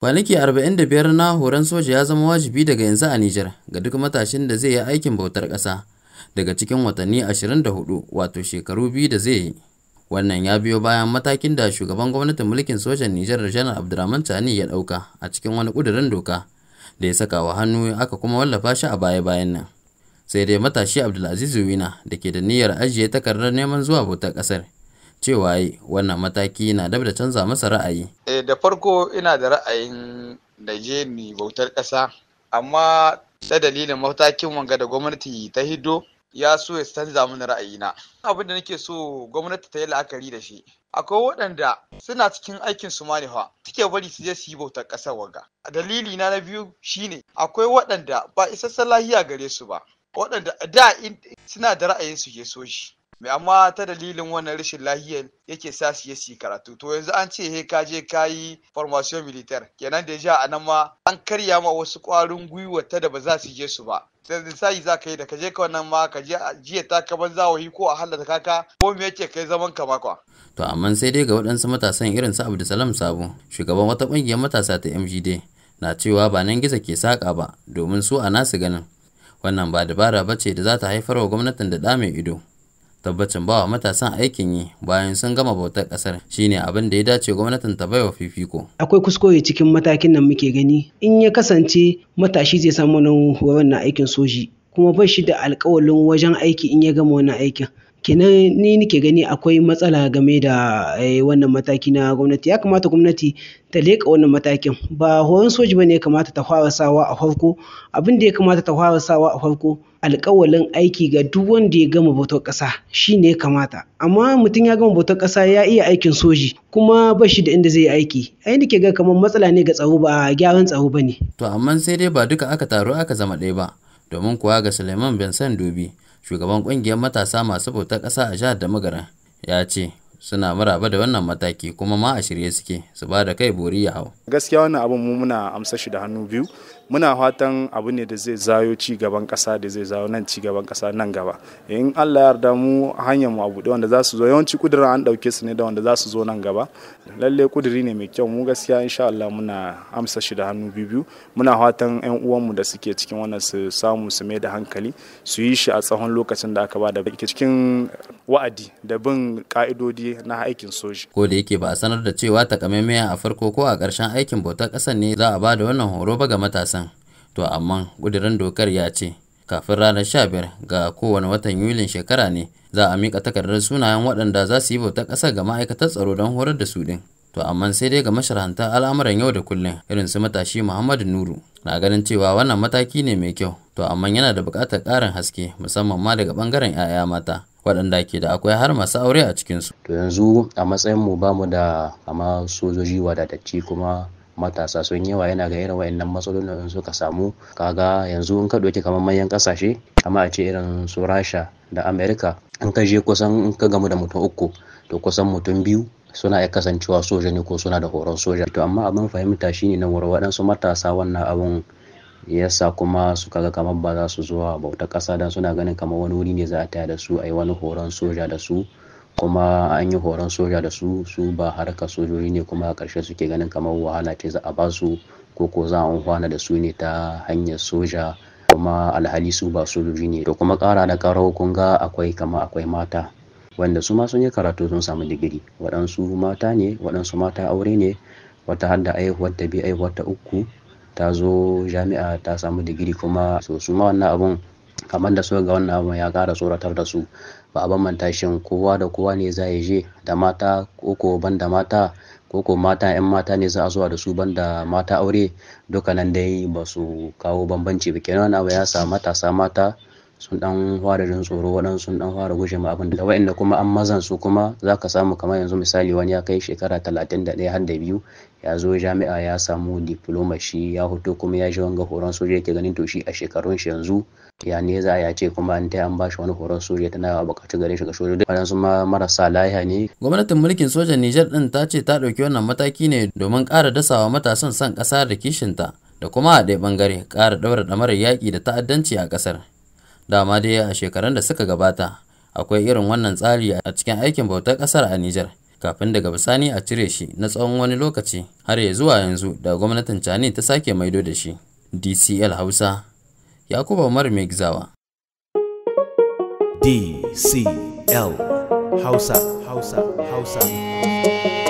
Kwanaki 45 na horon soja ya zama wajibi daga yanzu a Nijar ga duk matashin da zai yi aikin bautar ƙasa daga cikin watanni 24 wato shekaru biyu da zai yi. Wannan ya biyo bayan matakin da shugaban gwamnatin mulkin sojan Nijar Janar Abdurrahman Tani ya ɗauka a cikin wani ƙudurin doka da ya saka wa hannu aka kuma wallafa shi a baya-bayan nan. Sai dai matashi Abdulaziz Wina da ke da niyyar ajiye takardar neman zuwa bautar ƙasar cewa wannan mataki na dab da canza masa ra'ayi. Eh da farko ina da ra'ayin da je ni bautar ƙasa amma ta dalilin matakin wanga da gwamnati ta hido ya so ya canza mini ra'ayina. Abin da nake so gwamnati ta yi la'akari da shi. Akwai waɗanda suna cikin aikin su ne fa suke bari su je su yi bautar ƙasar wanga. Dalili na na biyu shine akwai waɗanda ba isassan lahiya gare su ba. Waɗanda da suna da ra'ayin su je so shi. mai amma ta dalilin wannan rashin lahiyar yake sa shi yasi karatu to yanzu an ce he ka je ka yi formation militar kenan da ja a ma an karya ma wasu ƙwarin gwiwa ta da ba za su je su ba sai za ka yi da ka je ka wannan ma ka je jiya ta ka banza wahi ko a hallata kaka ko me yake kai zaman ka makwa to amma sai dai ga waɗansu matasan irin su Abdulsalam Sabo shugaban wata ƙungiyar matasa ta MGD na cewa ba nan gizo ke saka ba domin su a nasu ganin wannan ba dabara bace da za ta haifar wa gwamnatin da da mai ido tabbacin wa matasan aikin yi bayan sun gama bautar kasar shine abin da ya dace gwamnatin ta baiwa fifiko akwai kuskure cikin matakin nan muke gani in ya kasance matashi zai samu nan horon na aikin soji kuma ba shi da alkawalin wajen aiki in ya gama wannan aikin kenan ni nake gani akwai matsala game da eh, wannan mataki na gwamnati ya kamata gwamnati ta leƙa wannan matakin ba horon soji ba ya kamata ta fara sawa a farko abin da ya kamata ta fara sawa a farko alƙawalin aiki ga duk wanda ya gama bautar ƙasa shi ne ya kamata amma mutum ya gama bautar ƙasa ya iya aikin soji kuma ba shi da inda zai yi aiki ai nake ga kamar matsala ne ga tsaro ba gyaran tsaro ne. to amma sai dai ba duka aka taru aka zama ɗaya ba domin kuwa ga Suleiman san Dobi shugaban kungiyar matasa masu bautar ƙasa a jihar da magara ya ce suna maraba da wannan mataki kuma ma a shirye suke su ba da kai bori ya hau gaskiya wannan abin mu muna amsa shi da hannu biyu muna fatan abu ne da zai zayo ci gaban kasa da zai zayo nan ci gaban kasa nan gaba in Allah ya yarda mu hanyar mu abu da wanda za su zo yawanci kudirin an dauke su ne da wanda za su zo nan gaba lalle kudiri ne mai kyau mu gaskiya insha Allah muna amsa shi da hannu biyu muna fatan yan uwan mu da suke cikin wannan su samu su mai da hankali su yi shi a tsawon lokacin da aka ba da cikin wa'adi da bin ka'idodi na aikin soji ko da yake ba a sanar da cewa takamaimai a farko ko a ƙarshen aikin bautar ƙasar ne za a ba da wannan horo ba ga matasa to amma ƙudurin dokar ya ce kafin ranar sha biyar ga kowane watan yulin shekara ne za a mika takardar sunayen waɗanda za su yi bautar ƙasa ga ma'aikatar tsaro don horar da su ɗin to amma sai dai ga masharhanta al'amuran yau da kullum irin su matashi muhammadu nuru na ganin cewa wannan mataki ne mai kyau to amma yana da buƙatar ƙarin haske musamman ma daga ɓangaren 'ya'ya mata waɗanda ke da akwai har masu aure a cikinsu. To yanzu a matsayin mu bamu da amma sojoji wadatacci kuma matasa sun yawa yana ga irin wayannan matsalolin in suka samu kaga yanzu in ka ɗauki kamar manyan ƙasashe kama a ce irin su rasha da amerika in ka je kusan in ka gamu da mutum uku to kusan mutum biyu suna iya kasancewa soja ne ko suna da horon soja to amma abin fahimta shine na wurin waɗansu matasa wannan abun yasa kuma su kaga kamar ba za su zuwa bauta ƙasa dan suna ganin kamar wani wuri ne za a taya da su a yi wani horon soja da su kuma an yi horon soja da su su ba harka sojoji ne kuma a ƙarshe suke ganin kamar wahala ce za a ba su ko ko za a unhwana da su ne ta hanyar soja kuma alhali su ba sojoji ne to kuma ƙara da ƙara kun ga akwai kama akwai mata wanda su ma sun yi karatu sun samu digiri waɗansu mata ne waɗansu mata aure ne wata hadda aihuwar ta biyu aihuwar ta uku ta zo jami'a ta samu digiri kuma so su ma wannan abun kamar da suka ga wannan abu ya kara tsoratar da su ba a bambanta shin kowa da kowa ne za ya je da mata ko ban da mata koko mata 'yan mata ne za a zuwa da su banda mata aure duka nan dai ba su kawo bambanci ba kenan abu ya sa matasa mata sun dan fara jin tsoro waɗansu sun dan fara guje ma abin da wa'anda kuma an mazan su kuma za ka samu kamar yanzu misali wani ya kai shekara talatin da daya har da biyu ya zo jami'a ya samu diploma shi ya hoto kuma ya ji wanga horon soja yake ganin to shi a shekarun shi yanzu ya ne za ya ce kuma an ta an bashi wani horon soja tana bukatu gare shi ga soja duk waɗansu ma marasa lahiya ne. gwamnatin mulkin sojan nijar din ta ce ta ɗauki wannan mataki ne domin ƙara dasawa matasan son ƙasa da kishinta da kuma a ɗaya ɓangare ƙara ɗaura ɗamarar yaƙi da ta'addanci a ƙasar. dama dai a shekarun da suka gabata akwai irin wannan tsari a cikin aikin bautar ƙasar a Nijar kafin daga bisani a cire shi na tsawon wani lokaci har ya zuwa yanzu da gwamnatin chani ta sake maido da shi. DCL Hausa Yakubu Umar Mai Gizawa DCL Hausa Hausa Hausa